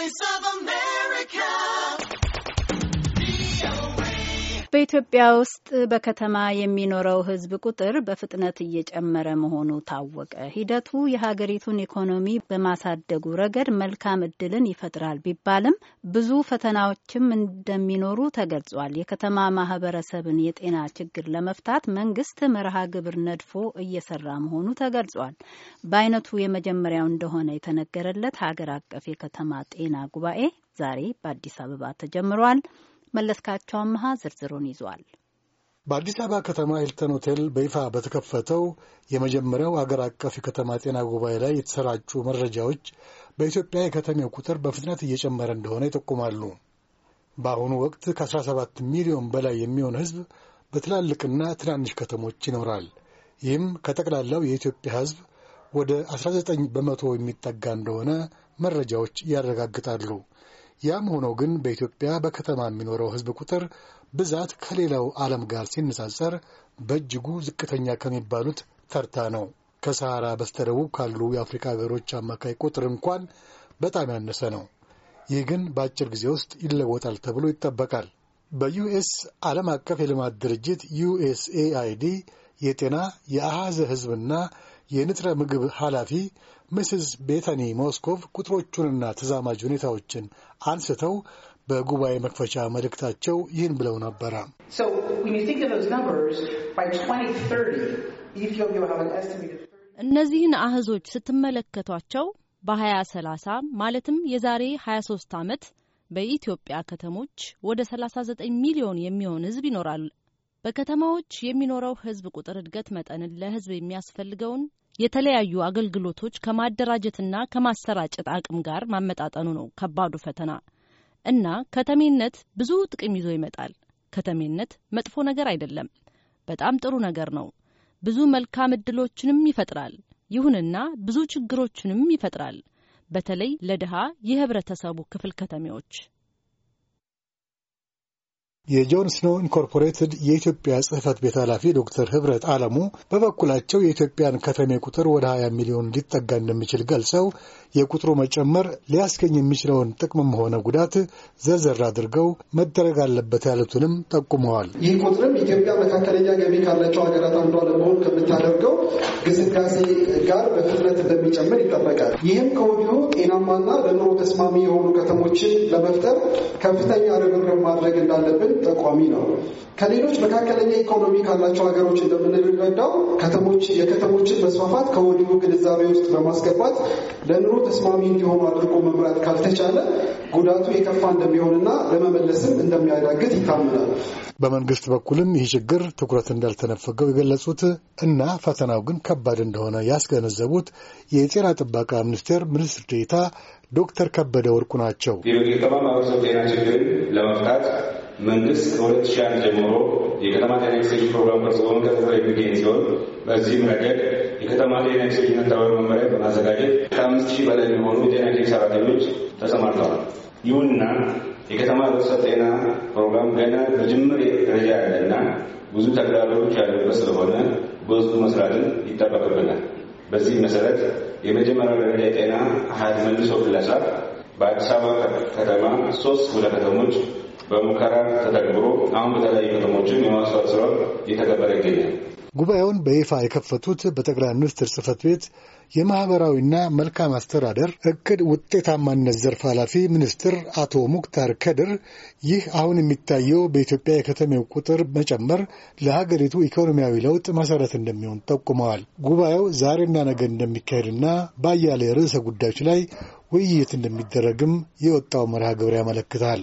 Voice of America. በኢትዮጵያ ውስጥ በከተማ የሚኖረው ሕዝብ ቁጥር በፍጥነት እየጨመረ መሆኑ ታወቀ። ሂደቱ የሀገሪቱን ኢኮኖሚ በማሳደጉ ረገድ መልካም እድልን ይፈጥራል ቢባልም ብዙ ፈተናዎችም እንደሚኖሩ ተገልጿል። የከተማ ማህበረሰብን የጤና ችግር ለመፍታት መንግስት መርሃ ግብር ነድፎ እየሰራ መሆኑ ተገልጿል። በአይነቱ የመጀመሪያው እንደሆነ የተነገረለት ሀገር አቀፍ የከተማ ጤና ጉባኤ ዛሬ በአዲስ አበባ ተጀምሯል። መለስካቸው አመሃ ዝርዝሩን ይዟል። በአዲስ አበባ ከተማ ሂልተን ሆቴል በይፋ በተከፈተው የመጀመሪያው አገር አቀፍ የከተማ ጤና ጉባኤ ላይ የተሰራጩ መረጃዎች በኢትዮጵያ የከተሜው ቁጥር በፍጥነት እየጨመረ እንደሆነ ይጠቁማሉ። በአሁኑ ወቅት ከ17 ሚሊዮን በላይ የሚሆን ሕዝብ በትላልቅና ትናንሽ ከተሞች ይኖራል። ይህም ከጠቅላላው የኢትዮጵያ ሕዝብ ወደ 19 በመቶ የሚጠጋ እንደሆነ መረጃዎች ያረጋግጣሉ። ያም ሆኖ ግን በኢትዮጵያ በከተማ የሚኖረው ሕዝብ ቁጥር ብዛት ከሌላው ዓለም ጋር ሲነጻጸር በእጅጉ ዝቅተኛ ከሚባሉት ተርታ ነው። ከሰሃራ በስተደቡብ ካሉ የአፍሪካ ሀገሮች አማካይ ቁጥር እንኳን በጣም ያነሰ ነው። ይህ ግን በአጭር ጊዜ ውስጥ ይለወጣል ተብሎ ይጠበቃል። በዩኤስ ዓለም አቀፍ የልማት ድርጅት ዩኤስኤአይዲ የጤና የአሐዘ ሕዝብና የንጥረ ምግብ ኃላፊ ምስስ ቤተኒ ሞስኮቭ ቁጥሮቹንና ተዛማጅ ሁኔታዎችን አንስተው በጉባኤ መክፈቻ መልእክታቸው ይህን ብለው ነበረ። እነዚህን አህዞች ስትመለከቷቸው በ2030 ማለትም የዛሬ 23 ዓመት በኢትዮጵያ ከተሞች ወደ 39 ሚሊዮን የሚሆን ህዝብ ይኖራል። በከተማዎች የሚኖረው ህዝብ ቁጥር እድገት መጠንን ለህዝብ የሚያስፈልገውን የተለያዩ አገልግሎቶች ከማደራጀትና ከማሰራጨት አቅም ጋር ማመጣጠኑ ነው ከባዱ ፈተና እና ከተሜነት ብዙ ጥቅም ይዞ ይመጣል። ከተሜነት መጥፎ ነገር አይደለም፣ በጣም ጥሩ ነገር ነው። ብዙ መልካም እድሎችንም ይፈጥራል። ይሁንና ብዙ ችግሮችንም ይፈጥራል። በተለይ ለድሃ የህብረተሰቡ ክፍል ከተሜዎች የጆን ስኖው ኢንኮርፖሬትድ የኢትዮጵያ ጽህፈት ቤት ኃላፊ ዶክተር ህብረት አለሙ በበኩላቸው የኢትዮጵያን ከተሜ ቁጥር ወደ 20 ሚሊዮን ሊጠጋ እንደሚችል ገልጸው የቁጥሩ መጨመር ሊያስገኝ የሚችለውን ጥቅምም ሆነ ጉዳት ዘርዘር አድርገው መደረግ አለበት ያሉትንም ጠቁመዋል። ይህ ቁጥርም ኢትዮጵያ መካከለኛ ገቢ ካላቸው ሀገራት አንዷ ለመሆን ከምታደርገው ግስጋሴ ጋር በፍጥነት እንደሚጨምር ይጠበቃል። ይህም ከወዲሁ ጤናማና ለኑሮ ተስማሚ የሆኑ ከተሞችን ለመፍጠር ከፍተኛ ርብርብ ማድረግ እንዳለብን ጠቋሚ ነው። ከሌሎች መካከለኛ ኢኮኖሚ ካላቸው ሀገሮች እንደምንረዳው ከተሞች የከተሞችን መስፋፋት ከወዲሁ ግንዛቤ ውስጥ በማስገባት ለኑሮ ተስማሚ እንዲሆኑ አድርጎ መምራት ካልተቻለ ጉዳቱ የከፋ እንደሚሆንና ለመመለስም እንደሚያዳግት ይታመናል። በመንግስት በኩልም ይህ ችግር ትኩረት እንዳልተነፈገው የገለጹት እና ፈተናው ግን ከባድ እንደሆነ ያስገነዘቡት የጤና ጥበቃ ሚኒስቴር ሚኒስትር ዴኤታ ዶክተር ከበደ ወርቁ ናቸው። የከተማ ማህበረሰብ ጤና ችግርን ለመፍታት መንግስት ከ2001 ጀምሮ የከተማ ጤና ፕሮግራም ቀርጾ በመከታተል የሚገኝ ሲሆን በዚህም ረገድ የከተማ ጤና ኤክስቴንሽን መመሪያ በማዘጋጀት ከአምስት ሺህ በላይ የሚሆኑ የጤና ክሊኒክ ሰራተኞች ተሰማርተዋል። ይሁንና የከተማ ርዕሰ ጤና ፕሮግራም ገና በጅምር ደረጃ ያለና ብዙ ተግዳሮቶች ያለበት ስለሆነ በህዝቡ መስራትን ይጠበቅብናል። በዚህ መሰረት የመጀመሪያ ደረጃ የጤና አሃዝ መልሶ ክለሳ በአዲስ አበባ ከተማ ሶስት ወደ ከተሞች በሙከራ ተተግብሮ አሁን በተለያዩ ከተሞችን የማስፋት ስራ እየተገበረ ይገኛል። ጉባኤውን በይፋ የከፈቱት በጠቅላይ ሚኒስትር ጽህፈት ቤት የማኅበራዊና መልካም አስተዳደር እቅድ ውጤታማነት ዘርፍ ኃላፊ ሚኒስትር አቶ ሙክታር ከድር ይህ አሁን የሚታየው በኢትዮጵያ የከተሜው ቁጥር መጨመር ለሀገሪቱ ኢኮኖሚያዊ ለውጥ መሠረት እንደሚሆን ጠቁመዋል። ጉባኤው ዛሬና ነገ እንደሚካሄድና በአያሌ ርዕሰ ጉዳዮች ላይ ውይይት እንደሚደረግም የወጣው መርሃ ግብር ያመለክታል።